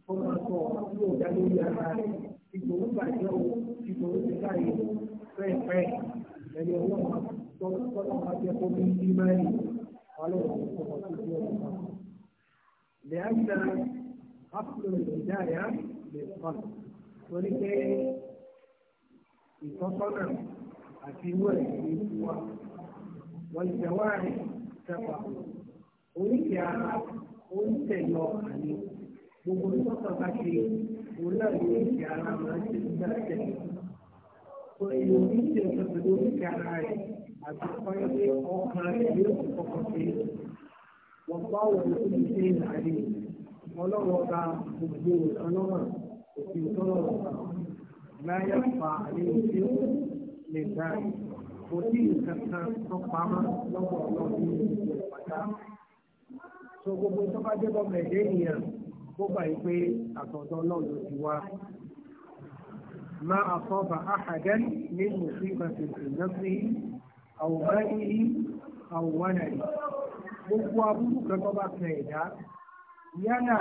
kó máa sọ yóò dá lórí ara rẹ̀ ìgbòho bàjẹ́ o ìgbòho ti káyè pẹ́ẹ́pẹ́ẹ́ ẹni ọlọ́run tọ́lọ́ máa jẹ́ kó ní ìmáyì ọlọ́run kò kọ́ sí ìdí ọ̀sán. لأن أصل الهداية بالقلب torí pé ìtọ́sọ́nà àti ìwé ìlú wa wọ́n jẹ́ wáàrin sẹ́pà oríkèé ara ó ń tẹ̀lé ọkàn ni gbogbo ìtọ́sọ́ bá ṣe òun náà ní oríkèé ara máa ń ṣe nígbà tẹ̀lé tó èyí oríkèé ọ̀sẹ̀ pẹ̀lú oríkèé ara rẹ̀ àti ọ̀pọ̀lọpọ̀ ọkàn rẹ̀ yóò ti kọ́kọ́ ṣe wọ́n bá wọ̀ ní oríkèé ìlànà ọlọ́wọ́ ọba gbogbo ọlọ́wọ́ láyé fa àléhùn tí ó lè dá kò sí nǹkan kan tó pamọ́ lọ́wọ́ ọlọ́run ní ìlú pátá. so gbogbo tó bá jẹ́ bọ́ọ̀mù ẹ̀dẹ́ ènìyàn ó gbà yí pé àtọ̀dọ̀ ọlọ́run ló ti wá. ما أصاب أحدا من مصيبة في نفسه أو ماله أو ولده gbogbo abúlù kan tó bá kan ẹ̀dá yálà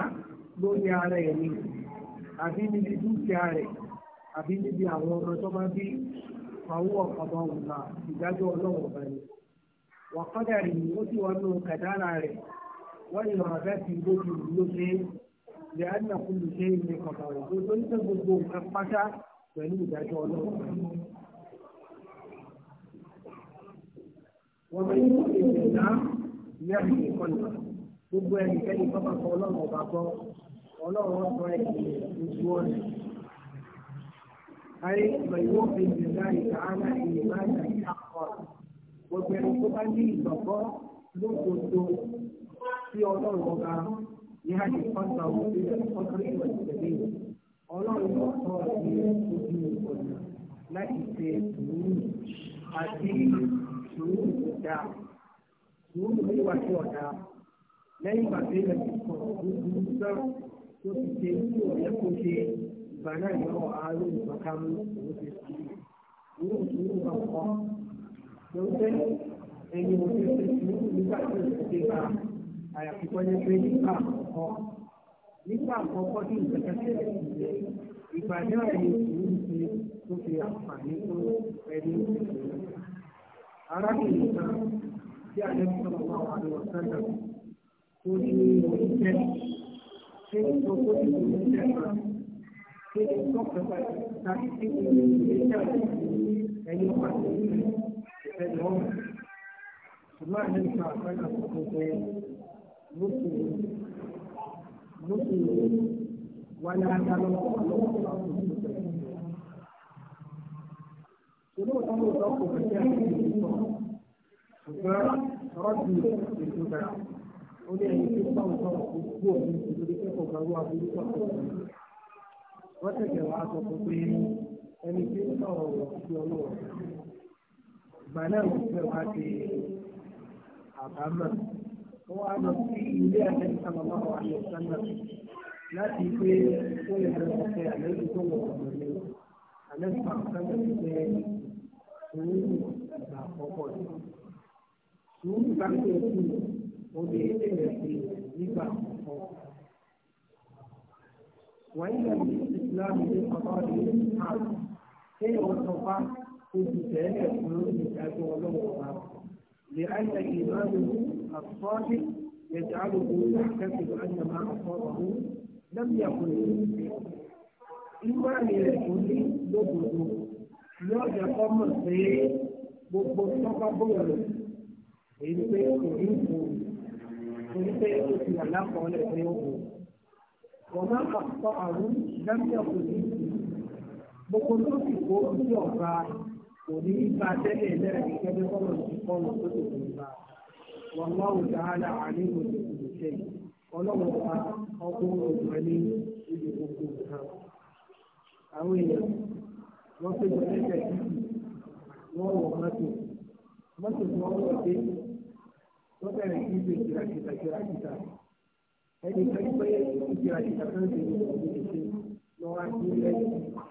lórí ara ẹ̀ ni àbí níbi dúkìá rẹ̀ àbí níbi àwọn ọmọ tó bá bí fàwọ́ ọ̀kọ̀bọ̀ ọ̀gbà ìdájọ́ ọlọ́wọ̀ bá ní. wàkọ́dà rè ó sì wọ́n nù kàdára rẹ̀ wọ́n ní ọ̀rọ̀ bẹ́ẹ̀ fi lóbi ló ṣe lè á nà kúlù ṣe ilé kọ̀ọ̀kan rẹ̀ tó tó ní pé gbogbo nǹkan pátá pẹ̀lú ìdájọ́ ọlọ́wọ̀ bá ní. wọ́n bẹ ní ìṣẹ̀lẹ̀ náà ní àbíkẹ́ gbogbo ẹnikẹ́ni ọlọ́run wọn kọ́ ẹ̀kí ojú ọ̀nà. Ayé ìgbà yóò fi ìgbà ìgbà ààlà ìgbà ìgbà ìkàkọ̀. Gbogbo ẹni tó bá ní ìgbàgbọ́ lókoòtò sí ọlọ́run ọba ní àyè kọ́ńtà òkú ọkùnrin ìwà ìtẹ̀lé. Ọlọ́run yóò sọ ìyẹn ojú ọ̀nà láti ṣe sùúrù àti sùúrù ìdá. Sùúrù níwájú ọ̀dà lẹ́yìn ìgbà tí ilẹ̀ ti sọ̀rọ̀ tó ti ṣe ní ọ̀rẹ́ kò ṣe ìgbà náà ni ọ̀ òun ti sùn nínú ìṣòro ọ̀kọ́. lóòótọ́ ẹni mo ti ṣe sùúrù nígbà tí mo ti bá àyàfi kọ́lé pé nígbà àkọ́kọ́ nígbà àkọ́kọ́ tí ìgbàká ṣẹlẹ̀ sílẹ̀ ìgbà náà ni sùúrù ti tó fi àǹfààní fún ẹni ìṣòro. arábìnrin tí a lè sọ̀rọ̀ àwọn àdéhùn sẹ́ńdà tó ní oníṣẹ́ ṣe ìṣòro ìdìbò ìjọba ṣe ìṣọ́kọ̀ọ́kọ̀ tàbí ṣe ìṣòro ìjọba ẹ̀yìn pàṣẹ ìlú ẹ̀yìn ọ̀hún. ṣùgbọ́n àmì ìṣòro àpẹẹrẹ àkókò pé lóṣèlú lóṣèlú wà ní àgbàlọ́ ọ̀pọ̀lọpọ̀ Ìlú ìtọ́jú ìtọ́kùnrin jẹ́ ìlú ìtọ́, ṣùgbọ́n ó ní ẹni tí ó bá wọn sọ̀rọ̀ kó kú ọ̀dọ́ nítorí kẹ́kọ̀ọ́ kan wá burú pàtó wọ́n tẹ̀kẹ̀ wá sọ fún pé ẹni tí ó sọ̀rọ̀ wọ̀ sí ọlọ́wọ́ ìgbà náà ló fẹ́ wá ṣe àbámọ̀ wọ́n wá lọ sí ilé àtẹ́sí sábàbá wa ní ọ̀sán náà láti pé ó òní bẹ̀rẹ̀ sí nígbà àkọ́kọ́. wàyí lẹ́nu ìsìláàmù ní ọ̀dọ́ ní àrùn kéèyàn sọ bá oṣù tẹ́lẹ̀ fún ìdájọ́ ọlọ́wọ́ wa. لأن إيمانه الصالح يجعله يحتسب أن ما أصابه لم يكن ìmọ̀ràn rẹ̀ kò ní gbogbo yóò jẹ́ kọ́ mọ̀ sí gbogbo tọ́pọ̀ bóyá èyí pé kò ní kò ní oníṣẹ́ ètò ti wà lápọ̀ọ́lẹ̀ pé ó wò. Wọ́n máa ń pàṣẹ àrùn lábẹ́ ọ̀pọ̀lọpọ̀ gbogbo tó sì kó sí ọ̀gá kò ní bá tẹ́lẹ̀ lẹ́rẹ̀ gẹ́gẹ́ bí kọ́lọ̀ ti kọ́lọ̀ tó ti kò bá. Wọ́n máa wò dáhàlà àárín òde ìṣe ọlọ́wọ́ pa ọgbọ́n òṣùwọ̀n ní ibi gbogbo nǹkan. Àwọn èèyàn wọ́n pè wọ́n lẹ́sẹ̀ wọ́n wọ̀ mọ́tò mọ́tò tí wọ́n wọ̀ dé tó bẹ̀rẹ̀ sí ṣe kìràkìtà kìràkìtà ẹni kan pé kìràkìtà kan ṣe ní ọdún ìṣe lọ wá sí ilé yìí nígbà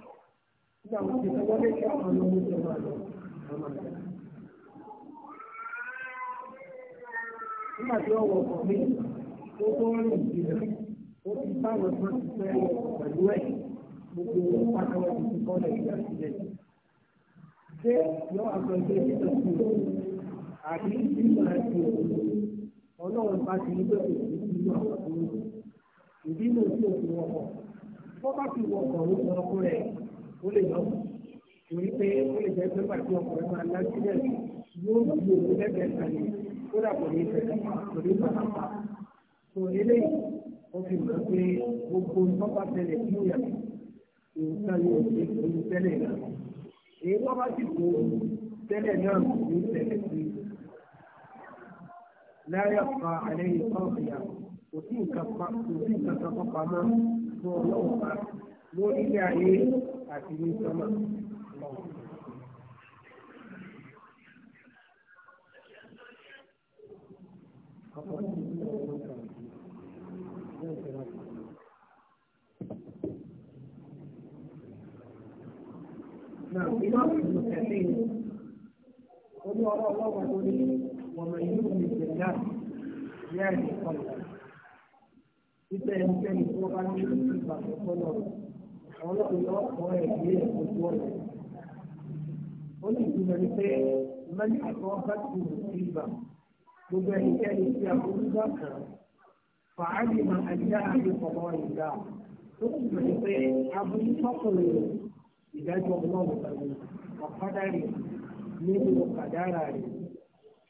wọn ti sọ wọlé kí àwọn ọmọ oúnjẹ máa lọ wọn máa lọ. nígbà tí wọn wọ ọkọ mi ó tó ń rìn jìnnà ó ti bá àwọn tí ti fẹ́ pẹ̀lú ẹ̀ gbogbo pátáwọ́ ti fi kọ́lẹ̀ ìgbà sílẹ̀. ṣé yọ àbí nígbà tí ọlọ́run bá ti ní bẹ́ẹ̀ sí nínú àwọn tó ń ìdí náà tí òfin wọkọ̀ tó bá ti wọkọ̀ ó sọ ọkọ rẹ̀ ó lè lọ torí pé ó lè jẹ́ pẹ́pà tí ọkùnrin máa lájú rẹ̀ yóò di òun lẹ́gbẹ̀ẹ́ kan ní kódà kò ní fẹ́ kò ní fà á tó eléyìí ó fi mọ̀ pé gbogbo nǹkan tẹ̀lé kí ó yà nǹkan yóò ṣe kò ní tẹ́lẹ̀ náà èyí tó bá ti kó tẹ́lẹ̀ náà kò ní tẹ̀lẹ̀ sí i láyà fa àlẹ́yìn sọ́ọ̀fìyà kò sí nǹkan kan pamọ́ fún ọlọ́run pa lórí ilé ayé àti ní sọ́mà. Now, we must look at things. When you ọmọ ìlú mi gbẹ̀dá yá ẹ̀ kọ̀ọ̀kan. Títẹ̀ ẹnikẹ́ni tó bá ní ìgbàgbọ́ tọ́lọ̀ àwọn ọlọ́pàá ọkọ̀ ẹ̀ gbé ẹ̀kọ́ tó ọ̀nà. Ó ní ìtumọ̀ ní pé mẹ́lí àkọ́ bá ti wù sí ìgbà. Gbogbo ẹnikẹ́ni tí a kúrú bá kàn. Fàájì máa àjá àti ọmọ ìgbà. Ó sì mọ̀ ní pé abúlé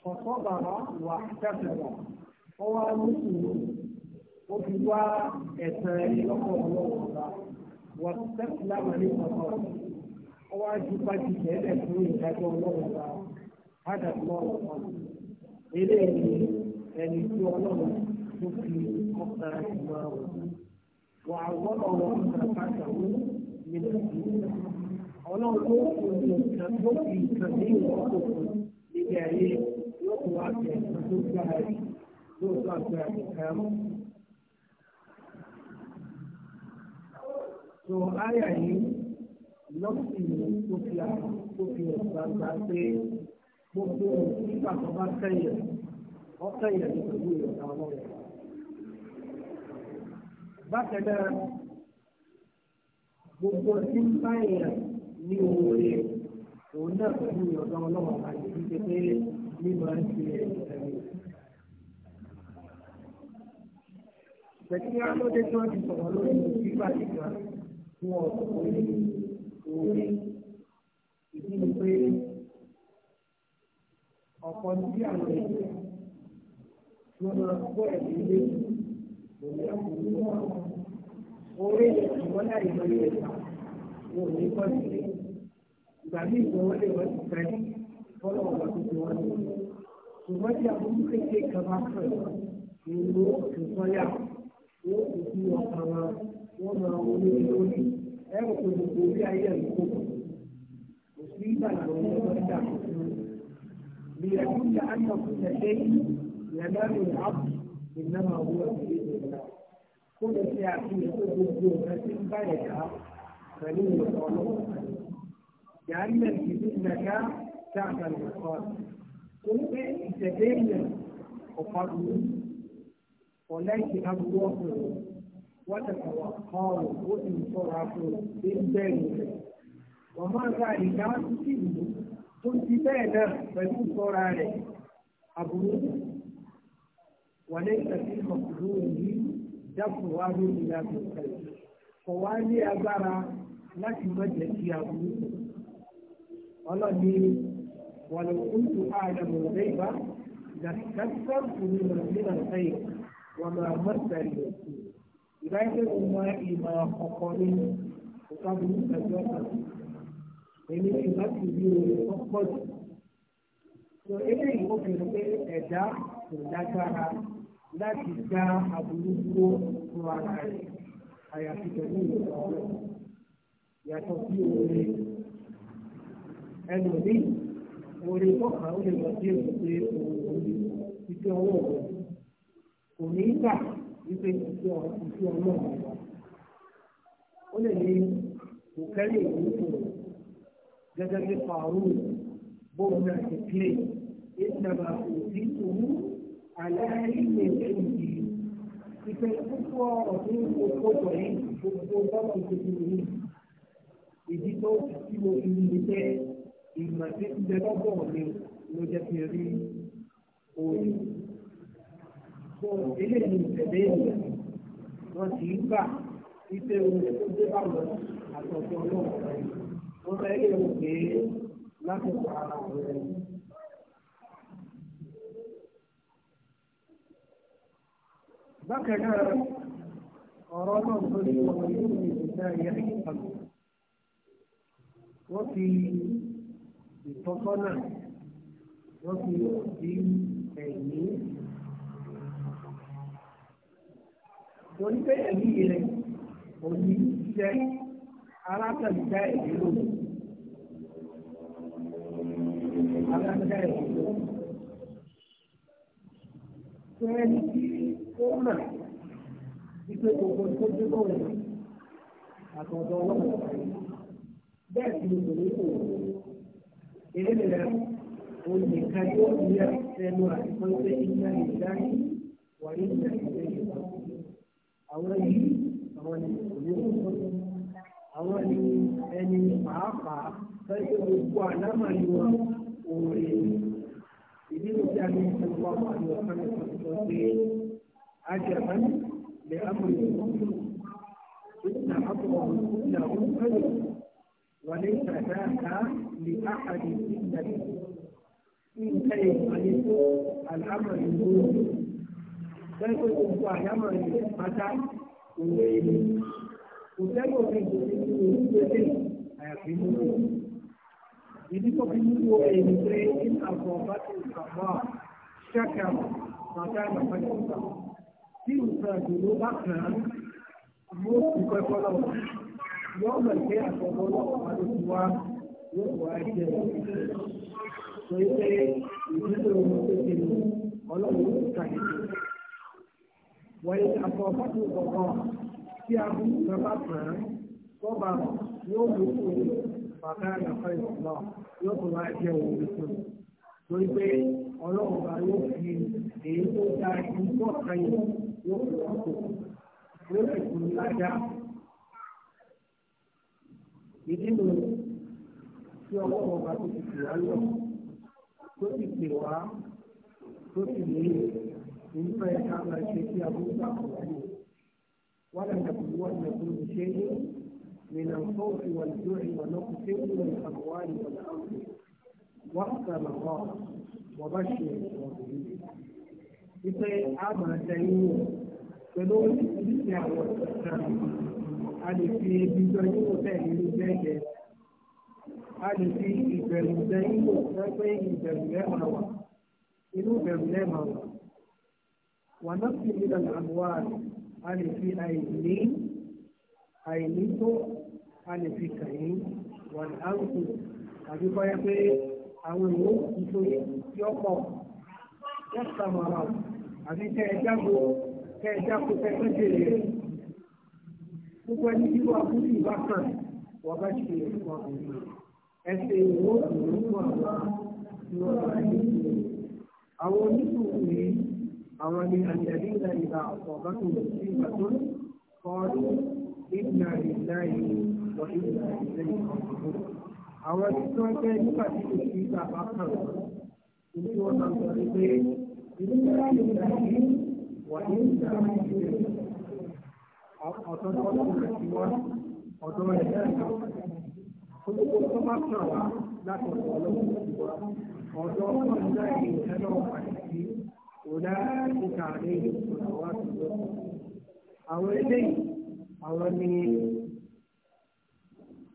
ọ̀sọ́bàrà wà kẹ́kẹ̀rọ̀ ó wá lóṣùwò ó fi wá ẹ̀sẹ̀ ìlọ́pọ̀ ọlọ́wọ́ wà tẹ́kìlá màlẹ́ ọ̀sọ́ ó wá ju pàjùkẹ́ ẹ̀ fún ìdájọ́ ọlọ́wọ́ wa hádà lọ́wọ́ ọ̀sọ́ eléyìí ẹni tí ọlọ́wọ́ tó fi ọ̀sẹ̀ ìmọ̀ ọ̀sọ́ wà àwọn ọ̀rọ̀ ọ̀sẹ̀ pàtàkì nínú ìlú ọlọ́wọ́ tó fi ìkànnì ìwọ̀n tó fi níbi So àyà yìí lọ́sì tó fi tó fi ẹ̀sà gbà pé gbogbo nígbà tó bá kẹ́yẹ̀ ọ́ kẹ́yẹ̀ ní pẹ̀lú ìyọ̀ta ọmọ rẹ̀. Bákan náà, gbogbo tí ń bá èèyàn ní owó rẹ̀ òun náà pẹ̀lú ọ̀dọ́ ọlọ́wọ́ àti ṣíṣe pé mímọ ń ṣe ẹ̀mí. Bẹ̀tíyà lóde tí wọ́n ti sọ̀rọ̀ lórí gbígbà ìgbà tí wọ́n sọ̀rọ̀ lórí òwe ìdí ni pé ọ̀pọ̀ tí àwọn èèyàn tí wọ́n máa kó ẹ̀mí lé òun yà kó lọ́wọ́. Orí ìwọ́n láì lọ ilé ìta, wọn ò ní kọ́ sílé ìgbà ní ìgbọ̀wọ́lẹ̀ wọ́n ti fẹ́ fọ́lọ́ ọ̀gá tó ti wọ́n lò. ṣùgbọ́n tí àbúrú kékeré kan bá fẹ́ ìlú ìsọ́yà wọ́n kò sí ọ̀pá wọn wọ́n máa wọlé lórí ẹ̀rọ kò lè borí ayé ẹ̀ kó kò sí ìgbàgbọ́ ọ̀gá ìdá kò sí. ليكون أن كل شيء ينال العبد إنما هو بإذن الله كل شيء في قلوب الناس بارك فليس الله من جعلنا فتنك تعب العقاب قلت استدل وقبل وليس أبوه وتتوقعوا وتنصرفوا بالبين وما ذلك تسلم تنتبه فلتصر عليه أبوه وليس في مقدوره دفعه إلى بالخير فوالي أبرا لكن ما جاء أبوه ọlọ́ni wọn lè kún tó àdàmù rẹ̀ bá dàkítà kùnú nínú sẹ́yìn wọn máa mọ́tàrí òkú ìbáyọ̀ tó mọ ìmọ̀ ọkọ̀ nínú ọ̀pá burú tàbí ọ̀pá èmi ní ìbá ti di ọ̀pọ̀ jù. sọ eléyìí ó fi hàn pé ẹ̀dá kò lágbára láti dá aburú dúró fún ara rẹ̀ àyàfi pẹ̀lú ìrọ̀rùn yàtọ̀ sí oore ẹnu ní orí tọ́ka ó lè lọ sí èmi pé òun ìfẹ́ ọwọ́ rẹ̀ kò ní gbà wípé ìfẹ́ ìfẹ́ ọlọ́run wa ó lè ní kò kẹ́lé ìlú tó gẹ́gẹ́ bí pàrọ̀ bóun náà ti kílè ìtàbà òbí tòun àlàyé ìlú yìí ìfẹ́ púpọ̀ ọ̀dún òkòtò yìí gbogbo bọ́ọ̀lù tuntun yìí ìdí tó ti mo fi ní bẹ́ẹ̀ ìmọ̀ tí ń bẹ lọ́gbọ̀ mi ló jẹ́ kí n rí orí. Sọ eléyìí ìtẹ̀lé ènìyàn wọn kì í gbà ife ohun tó dé báwọn àtọ̀tọ̀ ọlọ́run rẹ̀. Wọ́n fẹ́ lè wò pé lásìkò ara rẹ̀. Bákan náà, ọ̀rọ̀ náà tó ní ọmọ yóò ní ìgbésẹ̀ ayé àyíká. Wọ́n fi ìtọ́sọ́nà wọ́n fi di ẹ̀mí. Torí pé ẹ̀mí rẹ̀ kò ní jẹ́ alákàtúntà ẹ̀mí lónìí. Alákàtúntà ẹ̀mí lónìí. Fẹ́ẹ́ni tí ó mà wípé gbogbo tó dé bọ̀ wọ̀ àtọ̀dọ̀ ọlọ́run. Bẹ́ẹ̀ ni mo ní kò wọ́n eléyìí onìkan yóò ní ẹnu àtìkọ́ pé iná ìdáyé wà ní ìgbà ìgbà ìgbà àwọn yìí àwọn ni òní àwọn ni ẹni pàápàá fẹ́ẹ́ gbogbo àlámàlú wọn òòrè ìdí ló dá ní ìṣẹ̀lẹ̀ wọn àti ọ̀kan ìṣẹ̀lẹ̀ pé ajẹ́bá lè amòye ìṣẹ̀lẹ̀ àbọ̀ ìṣẹ̀lẹ̀ òun fẹ́ẹ́ wà ní ìṣẹ̀lẹ̀ dáadáa. لأحد إلا إن كان يخالف الأمر الدنيا sẹ́kọ̀ gbogbo àyámọ̀ rẹ̀ pátá òwe ni kò sẹ́kọ̀ fi gbòmí ní orílẹ̀-èdè àyàfi nínú ìdí tó fi ní wo èyí pé ní àbọ̀ bá ti sàbọ̀ ṣẹ́kẹ̀ màtá ìlàpàdé ìgbà tí nǹkan ìdòdó bá kàn án yóò fi pẹ́ fọ́lọ́ yóò mọ̀ pé àtọ̀gbọ́n yóò wá jẹ sọ pé ìdílé ohun tó ti mú ọlọ́run tó ta ìdí. wọ̀nyí àfọ̀mọ́tò kọ̀ọ̀kan tí a bú bàbá pẹ̀lú bọ́bà yóò mú fún bàbá àgbàfẹ́ ìsìlọ́ yóò tún wá jẹ òun tuntun. torí pé ọlọ́run bá yóò fi èyí tó da ìgbọ́ kan yìí yóò fi wọ́n kó yóò fi kùn lájà. ìdí nìyí tí ọlọ́wọ́ bá tó ti pè wá lọ tó ti pè wá tó ti lè nígbà yẹn ká máa ṣe kí abúlé bá kọ̀ wáyé wọ́n lè dàbí wọ́n lè kó lè ṣe é من الخوف والجوع ونقص من الأموال والأنفس واحسن الله وبشر الصابرين. إذا أما سيئون pẹ̀lú oríṣiríṣi àwọn ọ̀sán a lè fi ibi jọ yóò tẹ̀lé ní bẹ́ẹ̀ a lè fi ìbẹ̀rù lẹ ìlò pẹ́pẹ́ ìbẹ̀rù lẹ́màá wà inú ìbẹ̀rù lẹ́màá wà wà náà sì nílò àmúwá a lè fi àìní àìní tó a lè fi kàyín wà ní àwùjọ àbí báyà pé àwọn èèyàn ìṣòro tí ó pọ̀ lẹ́sà màmá àbí tẹ́ ẹ jágo tẹ́ ẹ jágo tẹ́ ẹ jèrè gbogbo ẹni tí wọ́n á kú sí ìbákan wọ́n bá ṣe ìwọ̀n òun ẹsẹ̀ ìwó ìlú àwọn ìwọ̀nba yìí àwọn oníṣòwò ní àwọn ní àjẹrí ìlà ìlà ọ̀bánu sí ìbàdó kọ́ọ̀lù ìgbà ìlà ìwọ̀ ìlà ìlẹ̀ ìkọ̀ọ̀dọ̀ àwọn tí wọ́n jẹ́ nígbà tí kò sí bàbá kan ìlú wọn náà sọ pé ìlú ìlà ìlà yìí wà ní ìlà ìlẹ̀ ọ̀tọ̀ tó wọ́n ti wọ́n ọ̀dọ́ ẹ̀dá ìlà Gbogbo tó bá kàn wá láti ọ̀dọ̀ ọlọ́run ìwà ọ̀dọ́ ọ̀dọ́ ìṣẹ́ náà pàtàkì òdá ìkà rẹ̀ ìṣòwò àtúntò. Àwọn eléyìí àwọn ni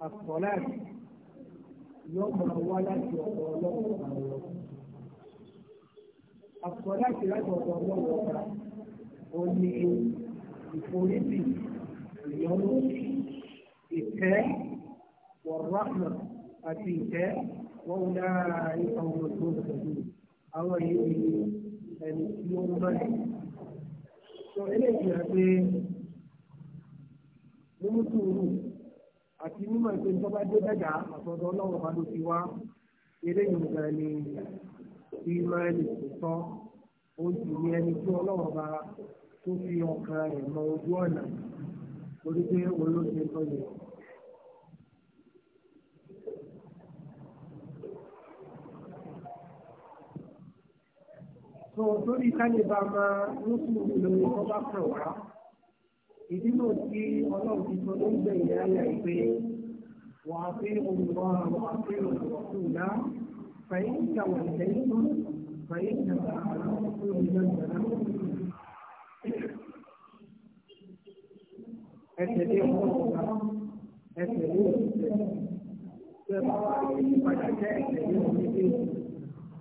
àkọ́lá yóò máa wá láti ọ̀dọ̀ ọlọ́run àwọn. láti ọ̀dọ̀ ọlọ́run ọ̀gá ní ìforísì ìyọ́nú ìtẹ́. والرحمة أتيتا وأولئك هم المهتدون أو يؤمنون ẹni tí ó ń bẹ̀rẹ̀. sọ eléyìí rẹ̀ pé mímú sùúrù àti mímọ̀ ìpè tó bá dé dàgbà àtọ̀dọ̀ ọlọ́run bá ló ti wá eléyìí nìkan ni tí máa lè sọ ó sì ní ẹni tí ọlọ́run bá tó fi ọkàn rẹ̀ mọ ojú ọ̀nà torí pé olóṣèlú yẹn. tó lórí kálíbà máa ń sùn lórí ọba kan wá ìdí náà tí ọlọ́run ti sọ ló ń gbẹ̀yìn ayà ìpè wà á fi olùkọ́ àwọn àti olùkọ́sùn ńlá fàyè ń ta wà lẹ́yìn tó fàyè ń ta àwọn olùkọ́ ìjọba náà. ẹsẹ̀ lé ọmọ ọ̀gá ẹsẹ̀ lé òṣìṣẹ́ ṣe bá wà ní ìpadà jẹ́ ẹsẹ̀ lé òṣìṣẹ́.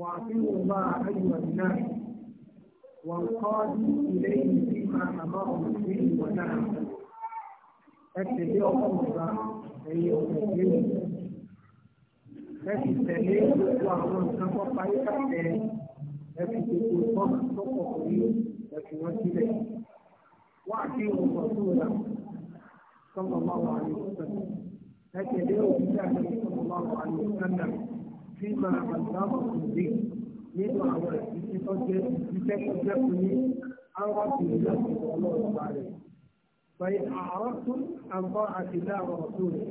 وأطيعوا الله أيها الناس وانقادوا إليه فيما أمرهم به ونهى اتبعوا الله أيها المسلمين láti tẹ̀lé gbogbo àwọn nǹkan tó parí pàtẹ ẹ̀fì gbogbo tọ́nà tó pọ̀ pẹ̀lú ẹ̀fì wọn sílẹ̀. Wá sí ọ̀pọ̀ tó rà sọ́mọ máa wà ní ìsọ̀tẹ̀. Ẹ tẹ̀lé òbí dàgbé sọ́mọ máa wà ní ìsọ̀tẹ̀ sí máa àgbà ọ̀sùn dé nínú àwọn ìdíjí tó jẹ́ ìdíjẹ́ tó jẹ́ fún yín àwọn ìdíjẹ́ láti ọlọ́run bá rẹ̀. Bẹ̀rẹ̀ àwọn tó àǹkọ́ àtìlá ọ̀rọ̀ tó rẹ̀.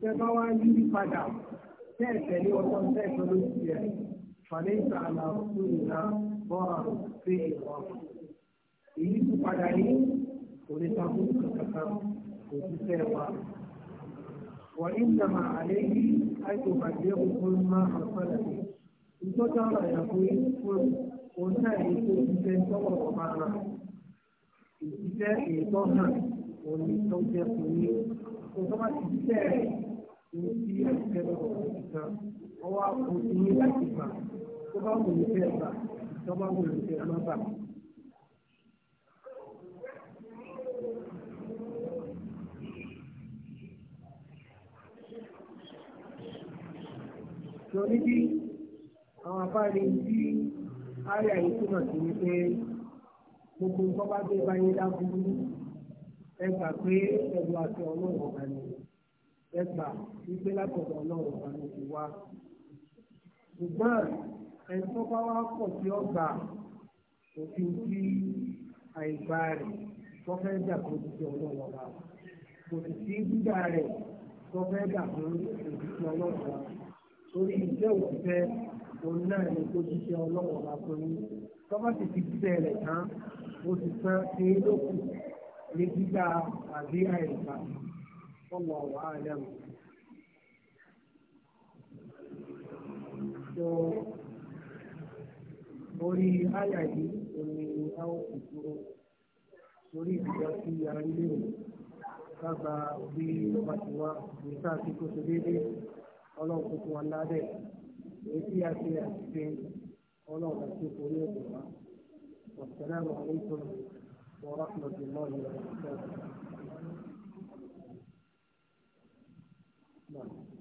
Tẹ́ bá wá yí padà tẹ́ ẹ̀tẹ̀lé ọjọ́ tẹ́ ẹ̀tọ́ ló ti rẹ̀. Fàlẹ́ǹtà àlàó tó ìlà bọ́ra sí ìwà. Èyí tó padà yìí kò lè ta fún kò tún fẹ́ wa. وإنما عليه أن يبلغكم ما حصل به ìtọ́jára ìyàgbé òun náà ní kó jíjẹ tọ́wọ́ ọ̀pá náà ìjíjẹ ètò náà òun ní tó jẹ́ fún yín kó tó bá ti jíjẹ rẹ̀ ní sí ẹ̀jẹ̀ lọ́wọ́ ìtàn ọwọ́ àpò ìyín láti gbà tó bá wù ní bẹ́ẹ̀ gbà tó bá wù ní bẹ́ẹ̀ má gbà. tó níbi àwọn afárí tí àríyá yìí túmọ̀ sí ni pé gbogbo nǹkan bá dé báyé lábúrú ẹ gbà pé ẹ̀rù àti ọlọ́run ọ̀gá ni ẹ gbà wípé látọ̀dọ̀ ọlọ́run ọ̀gá ni ti wá. ṣùgbọ́n ẹni tó bá wá pọ̀ sí ọgbà òfin tí àìgbà rẹ̀ tó fẹ́ dà kó ti di ọlọ́run ọ̀gá kò sì sí dídà rẹ̀ tó fẹ́ dà kó ti di ọlọ́run ọ̀gá torí ìfẹ́ òṣìṣẹ́ òun náà ni kó ṣiṣẹ́ ọlọ́wọ́ bá fún yín tọ́ba sì ti ṣiṣẹ́ rẹ̀ tán ó ti tán ṣe é lókù ní gbígbà àbí àìsàn ọmọ ọ̀wá àlẹ́mù. So orí àyà yìí òní àwọn òkúrò sórí ìgbà tí a ń lérò lágbàá bí ọba tiwa nígbà tí kò ṣe déédéé ọlọ́run kò fún wa ládẹ́ èyí a ṣe àṣìṣe ọlọ́run àti orí ẹ̀dùn wa wasalaamu alaykum wa rahmatulahi wa barakatuh.